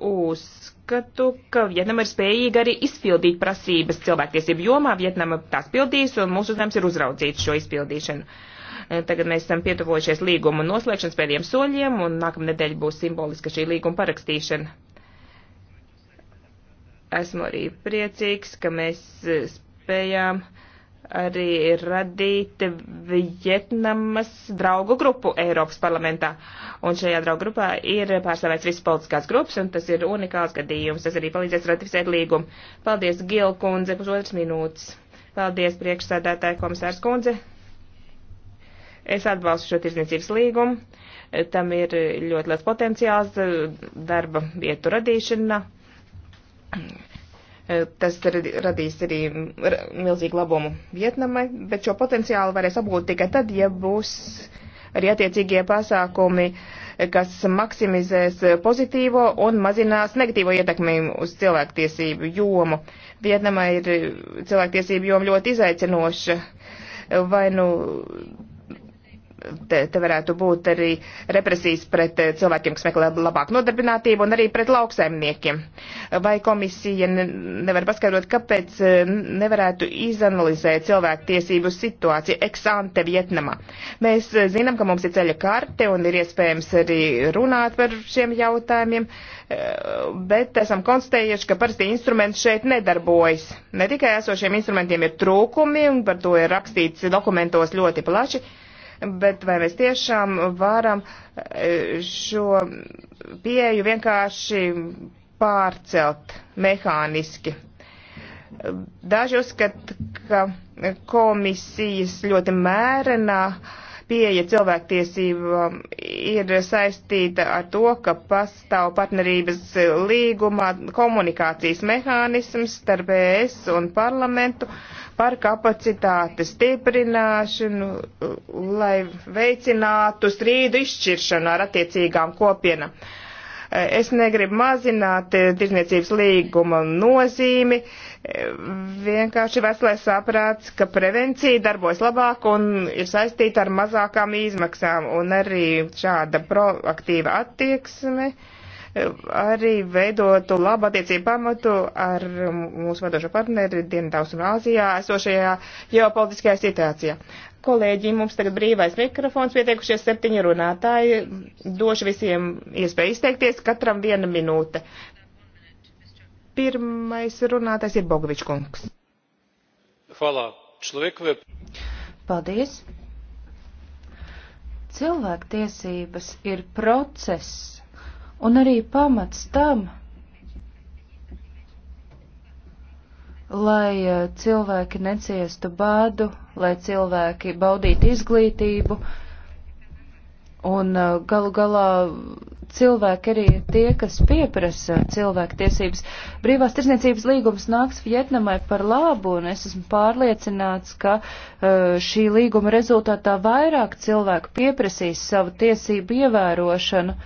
uzskatu, ka Vietnama ir spējīga arī izpildīt prasības cilvēktiesību jomā. Vietnama tās pildīs, un mūsu uzdevums ir uzraudzīt šo izpildīšanu. E, Tagad mēs esam pietuvojušies līguma noslēgšanas pēdējiem soļiem, un nākamnedēļ būs simboliska šī līguma parakstīšana. Esmu arī priecīgs, ka mēs e, spējām uh, arī radīt Vietnamas draugu grupu Eiropas parlamentā. Un šajā draugu grupā ir pārstāvēts visas politiskās grupas, un tas ir unikāls gadījums. Tas arī palīdzēs ratificēt līgumu. Paldies, Gil kundze, pusotras minūtes. Paldies, priekšsēdētāja komisārs kundze. Es atbalstu šo tirdzniecības līgumu. Tam ir ļoti liels potenciāls darba vietu radīšana Eh, tas radīs arī mm, milzīgu labumu Vietnamai, bet šo potenciālu varēs apgūt tikai tad, ja būs arī attiecīgie pasākumi, eh, kas maksimizēs eh, pozitīvo un mazinās negatīvo ietekmi uz cilvēktiesību jomu. Vietnamai ir cilvēktiesību joma ļoti izaicinoša. Vai nu te, te varētu būt arī represijas pret cilvēkiem, kas meklē labāku nodarbinātību un arī pret lauksaimniekiem. Vai komisija nevar paskaidrot, kāpēc e, nevarētu izanalizēt cilvēktiesību situāciju eksante Vietnamā? Mēs e, zinām, ka mums ir ceļa karte un ir iespējams arī runāt par šiem jautājumiem, e, bet esam konstatējuši, ka parasti instrumenti šeit nedarbojas. Ne tikai esošiem instrumentiem ir trūkumi un par to ir rakstīts dokumentos ļoti plaši bet vai mēs tiešām varam e, šo pieeju vienkārši pārcelt mehāniski? Daži uzskata, ka komisijas ļoti mērenā pieeja cilvēktiesībām ir saistīta ar to, ka pastāv partnerības līgumā komunikācijas mehānisms starp ES un parlamentu, uh, par kapacitātes stiprināšanu, lai veicinātu strīdu izšķiršanu ar attiecīgām kopienām. Es negribu mazināt eh, tirzniecības līguma nozīmi, vienkārši veselais saprāts, ka prevencija darbojas labāk un ir saistīta ar mazākām izmaksām, un arī šāda proaktīva attieksme uh, arī veidotu labu attiecību pamatu ar mūsu vadošo partneri Dienvidaustrumāzijā esošajā ģeopolitiskajā situācijā. Kolēģi, mums tagad brīvais mikrofons, pieteikušies septiņi runātāji. Došu visiem iespēju izteikties, katram viena minūte. Pirmais runātājs ir Bogovičs kungs. Hvala. Človekove. Paldies. Cilvēktiesības ir process, un arī pamats tam, lai eh, cilvēki neciestu bādu, lai cilvēki baudītu izglītību, un eh, galu galā cilvēki arī ir tie, kas pieprasa cilvēku tiesības. Brīvās tirsniecības līgums nāks Vietnamai par labu, un es esmu pārliecināts, ka eh, šī līguma rezultātā vairāk cilvēku pieprasīs savu tiesību ievērošanu.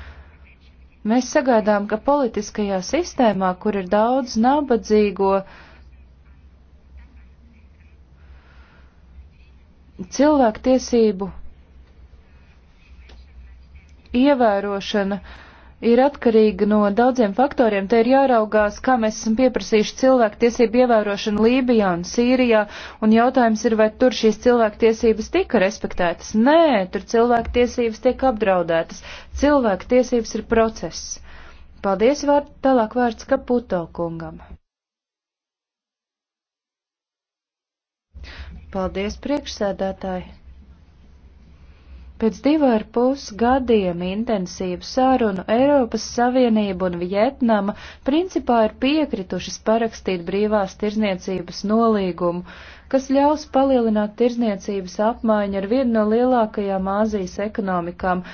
Mēs sagaidām, ka politiskajā sistēmā, kur ir daudz nabadzīgo, cilvēktiesību ievērošana, uh, ir atkarīga no daudziem faktoriem. Te ir jāraugās, kā mēs esam pieprasījuši cilvēktiesību ievērošanu Lībijā un Sīrijā, un jautājums ir, vai tur šīs cilvēktiesības tika respektētas. Nē, tur cilvēktiesības tiek apdraudētas. Cilvēktiesības ir process. Paldies, vār, tālāk vārds Kaputo kungam. Paldies, priekšsēdētāji! Pēc divu ar pus gadiem intensīvu sārunu Eiropas Savienība un Vietnama principā ir piekritušas parakstīt brīvās tirzniecības nolīgumu, kas ļaus palielināt tirzniecības apmaiņu ar vienu no lielākajām Āzijas ekonomikām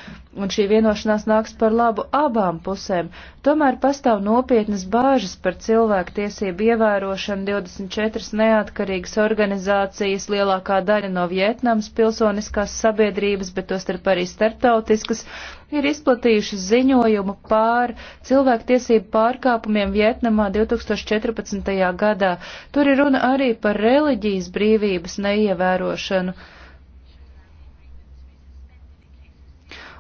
un šī vienošanās nāks par labu abām pusēm, tomēr pastāv nopietnas bāžas par cilvēku tiesību ievērošanu 24 neatkarīgas organizācijas, lielākā daļa no Vietnams pilsoniskās sabiedrības, bet tostarp arī starptautiskas, ir izplatījušas ziņojumu pār cilvēku tiesību pārkāpumiem Vietnamā 2014. gadā. Tur ir runa arī par reliģijas brīvības neievērošanu.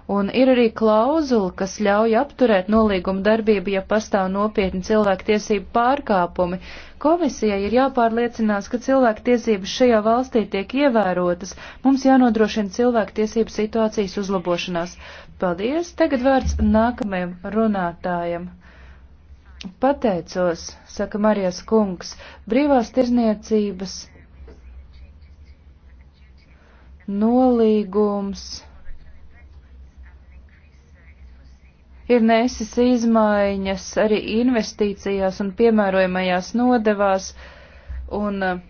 Un ir arī klauzula, kas ļauj apturēt nolīguma darbību, ja pastāv nopietni cilvēktiesību pārkāpumi. Komisijai ir jāpārliecinās, ka cilvēktiesības šajā valstī tiek ievērotas. Mums jānodrošina cilvēktiesību situācijas uzlabošanās. Paldies! Tagad vārds nākamajam runātājam. Pateicos, saka Marijas kungs, brīvās tirzniecības nolīgums ir nesis izmaiņas arī investīcijās un piemērojamajās nodevās, un uh,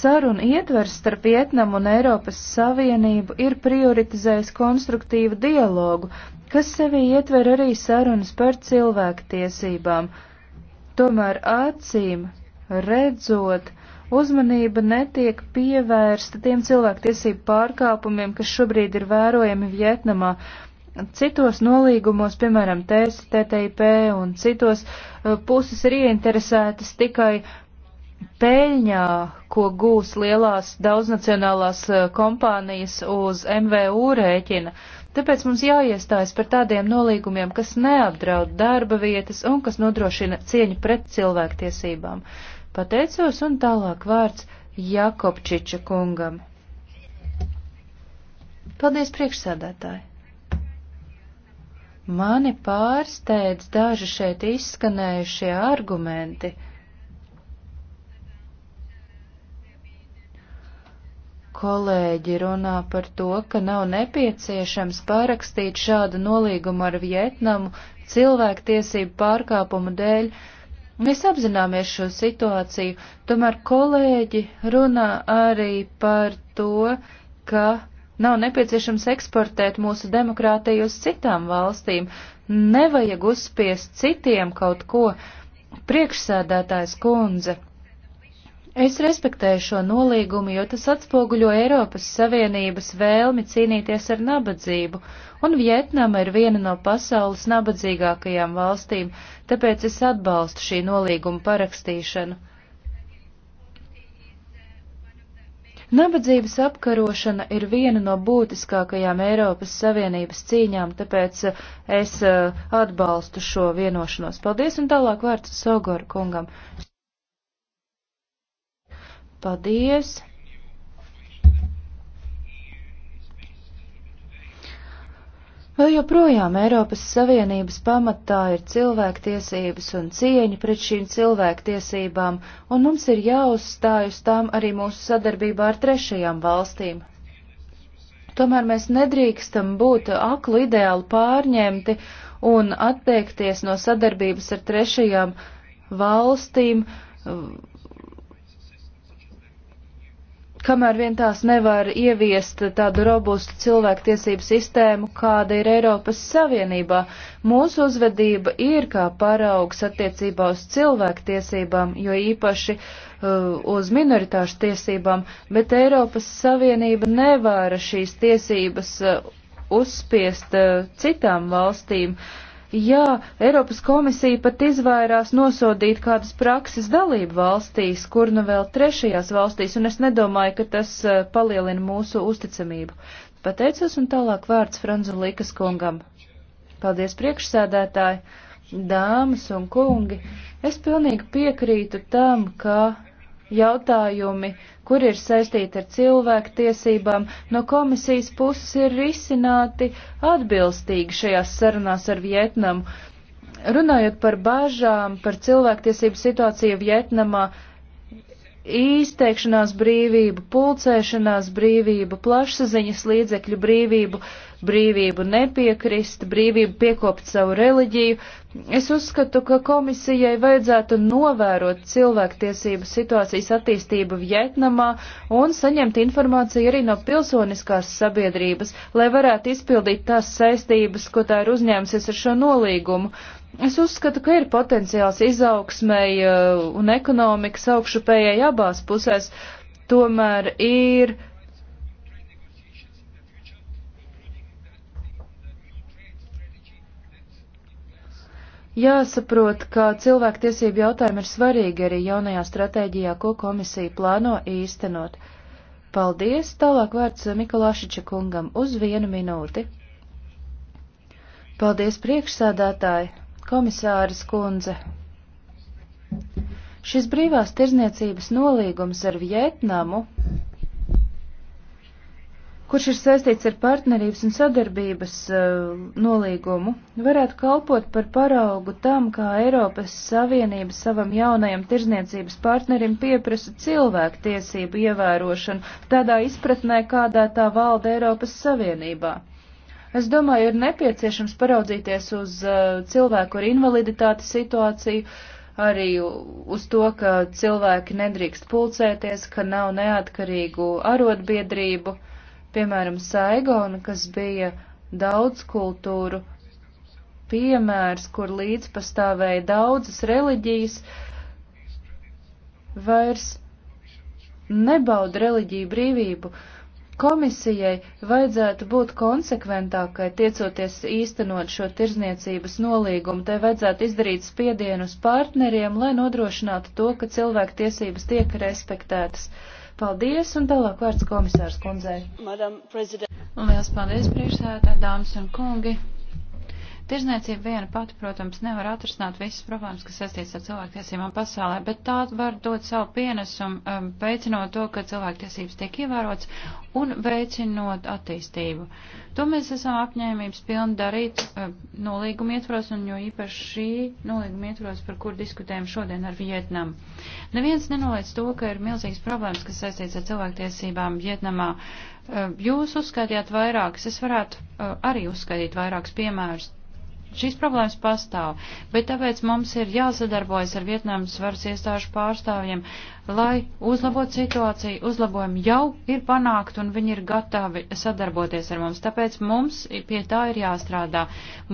saruna ietvers starp Vietnamu un Eiropas Savienību ir prioritizējis konstruktīvu dialogu, kas sevī ietver arī sarunas par cilvēktiesībām. Tomēr acīm redzot, uzmanība netiek pievērsta tiem cilvēktiesību pārkāpumiem, kas šobrīd ir vērojami Vietnamā. Citos nolīgumos, piemēram, TS, TTIP un citos, eh, puses ir ieinteresētas tikai peļņā, ko gūs lielās daudznacionālās eh, kompānijas uz MVU rēķina. Tāpēc mums jāiestājas par tādiem nolīgumiem, kas neapdraud darba vietas un kas nodrošina cieņu pret cilvēktiesībām. Pateicos un tālāk vārds Jakobčiča kungam. Paldies priekšsādātāji! Mani pārsteidz daži šeit izskanējušie argumenti. Kolēģi runā par to, ka nav nepieciešams parakstīt šādu nolīgumu ar Vietnamu cilvēktiesību pārkāpumu dēļ, Mēs apzināmies šo situāciju, tomēr kolēģi runā arī par to, ka nav nepieciešams eksportēt mūsu demokrātiju uz citām valstīm, nevajag uzspiest citiem kaut ko. Priekšsēdētājs kundze, Es respektēju šo nolīgumu, jo tas atspoguļo Eiropas Savienības vēlmi cīnīties ar nabadzību, un Vietnama ir viena no pasaules nabadzīgākajām valstīm, tāpēc es atbalstu šī nolīguma parakstīšanu. Nabadzības apkarošana ir viena no būtiskākajām Eiropas Savienības cīņām, tāpēc uh, es uh, atbalstu šo vienošanos. Paldies un tālāk vārds Sogor kungam. Paldies! Vēl joprojām Eiropas Savienības pamatā ir cilvēktiesības un cieņa pret šīm cilvēktiesībām, un mums ir jāuzstāj uz tām arī mūsu sadarbībā ar trešajām valstīm. Tomēr mēs nedrīkstam būt aklu ideālu pārņemti un atteikties no sadarbības ar trešajām valstīm, kamēr vien tās nevar ieviest tādu robustu cilvēktiesību sistēmu, kāda ir Eiropas Savienībā, mūsu uzvedība ir kā paraugs attiecībā uz cilvēktiesībām, jo īpaši uh, uz minoritāšu tiesībām, bet Eiropas Savienība nevar šīs tiesības uh, uzspiest uh, citām valstīm. Uh, ja Eiropas komisija pat izvairās nosodīt kādas prakses dalību valstīs, kur nu vēl trešajās valstīs, un es nedomāju, ka tas eh, palielina mūsu uzticamību. Pateicos un tālāk vārds Franzu Likas kungam. Paldies priekšsēdētāji, dāmas un kungi. Es pilnīgi piekrītu tam, ka jautājumi, kur ir saistīti ar cilvēku tiesībām, no komisijas puses ir risināti atbilstīgi šajās sarunās ar Vietnamu. Runājot par bāžām par cilvēktiesību situāciju Vietnamā, izteikšanās brīvību, pulcēšanās brīvību, plašsaziņas līdzekļu brīvību, brīvību nepiekrist, brīvību piekopt savu reliģiju. Es uzskatu, ka komisijai vajadzētu novērot cilvēktiesību situācijas attīstību Vietnamā un saņemt informāciju arī no pilsoniskās sabiedrības, lai varētu izpildīt tās saistības, ko tā ir uzņēmusies ar šo nolīgumu Es uzskatu, ka ir potenciāls izaugsmēji uh, un ekonomikas augšupējai abās pusēs, tomēr ir. Jāsaprot, ka cilvēktiesību jautājumi ir svarīgi arī jaunajā stratēģijā, ko komisija plāno īstenot. Paldies! Tālāk vārds Mikulāšiča kungam uz vienu minūti. Paldies, priekšsēdētāji! komisāras kundze. Šis brīvās tirzniecības nolīgums ar Vietnamu, kurš ir saistīts ar partnerības un sadarbības uh, nolīgumu, varētu kalpot par paraugu tam, kā Eiropas Savienība savam jaunajam tirzniecības partnerim pieprasa cilvēku tiesību ievērošanu tādā izpratnē, kādā tā valda Eiropas Savienībā. Es domāju, ir nepieciešams paraudzīties uz eh, cilvēku ar invaliditāti situāciju, arī uz to, ka cilvēki nedrīkst pulcēties, ka nav neatkarīgu arotbiedrību, piemēram, Saigona, kas bija daudz kultūru piemērs, kur līdz pastāvēja daudzas reliģijas, vairs nebauda reliģiju brīvību. Uh, Komisijai vajadzētu būt konsekventākai, tiecoties īstenot šo tirzniecības nolīgumu. Tai vajadzētu izdarīt spiedienu uz partneriem, lai nodrošinātu to, ka cilvēku tiesības tiek respektētas. Paldies, un tālāk vārds komisārs kundzei. Liels paldies, priekšsēdētāji, dāmas un kungi. Tirzniecība viena pati, protams, nevar atrisināt visas problēmas, kas saistīts ar cilvēktiesībām pasaulē, bet tā var dot savu pienesumu, um, veicinot to, ka cilvēktiesības tiek ievērots un veicinot attīstību. To mēs esam apņēmības pilni darīt um, nolīguma ietvaros un jo īpaši šī nolīguma ietvaros, par kur diskutējam šodien ar Vietnamu. Neviens nenoliec to, ka ir milzīgas problēmas, kas saistīts ar cilvēktiesībām Vietnamā. Um, jūs uzskaitījāt vairākas, es varētu um, arī uzskaitīt vairākas piemērus Šīs problēmas pastāv, bet tāpēc mums ir jāsadarbojas ar Vietnamas varas iestāžu pārstāvjiem, uh, lai uzlabotu situāciju. Uzlabojumi jau ir panākti un viņi ir gatavi sadarboties ar mums. Tāpēc mums pie tā ir jāstrādā.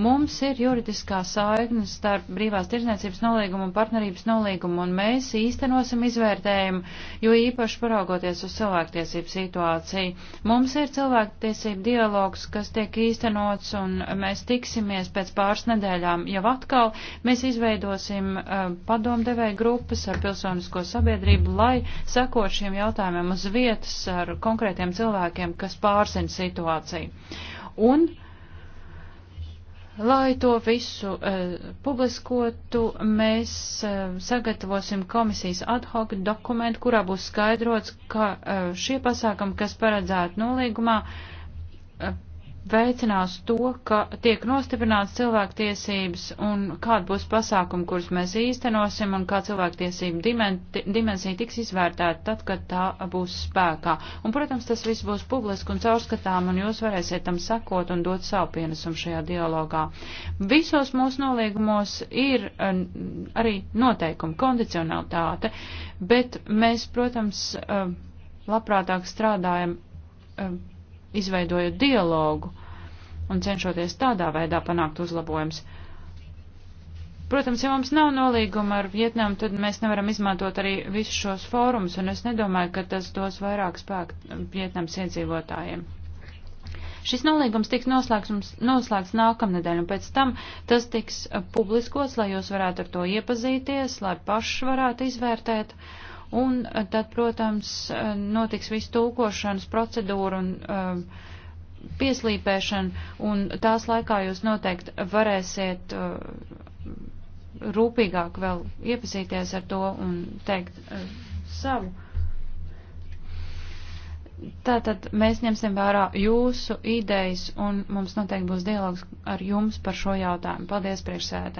Mums ir juridiskā saikne starp brīvās tirzniecības nolīgumu un partnerības nolīgumu un mēs īstenosim izvērtējumu, jo īpaši paraugoties uz cilvēktiesību situāciju. Mums ir cilvēktiesību dialogs, kas tiek īstenots un mēs tiksimies pēc pāris nedēļām jau atkal. Mēs izveidosim uh, eh, padomdevēju grupas ar pilsonisko sabiedrību palīdzību, lai sekot šiem jautājumiem uz vietas ar konkrētiem cilvēkiem, kas pārzina situāciju. Un, lai to visu uh, publiskotu, mēs uh, sagatavosim komisijas ad hoc dokumentu, kurā būs skaidrots, ka uh, šie pasākumi, kas paredzēti nolīgumā, uh, veicinās to, ka tiek nostiprināts cilvēktiesības un kāda būs pasākuma, kurus mēs īstenosim un kā cilvēktiesība dimensija tiks izvērtēta tad, kad tā būs spēkā. Un, protams, tas viss būs publiski un caurskatām un jūs varēsiet tam sekot un dot savu pienesumu šajā dialogā. Visos mūsu nolīgumos ir eh, arī noteikumi, kondicionalitāte, bet mēs, protams, eh, labprātāk strādājam eh, izveidojot dialogu un cenšoties tādā veidā panākt uzlabojums. Protams, ja mums nav nolīguma ar Vietnamu, tad mēs nevaram izmantot arī visus šos fórumus, un es nedomāju, ka tas dos vairāk spēku Vietnams iedzīvotājiem. Šis nolīgums tiks noslēgts, noslēgts nākamnedēļ, un pēc tam tas tiks publiskots, lai jūs varētu ar to iepazīties, lai paši varētu izvērtēt. Uh, un eh, tad, protams, eh, notiks viss tūkošanas procedūra un um, pieslīpēšana, un tās laikā jūs noteikti varēsiet uh, rūpīgāk vēl iepazīties ar to un teikt uh, savu. Tātad mēs ņemsim vērā jūsu idejas, un mums noteikti būs dialogs ar jums par šo jautājumu. Paldies, priekšsēdē!